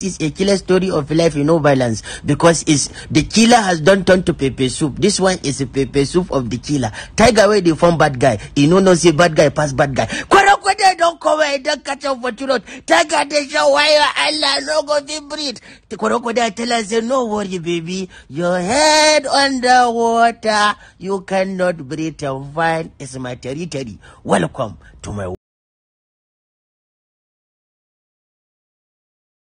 is a killer story of life you know violence because it's the killer has done turn to pepe soup. This one is a pepe soup of the killer. Tiger way they form bad guy. You know no say bad guy pass bad guy. Kwara don't cover and don't catch up for too Tiger they show why Allah no go to breathe Kwara tell us no worry baby. Your head under water. You cannot breathe and fine. is my territory. Welcome to my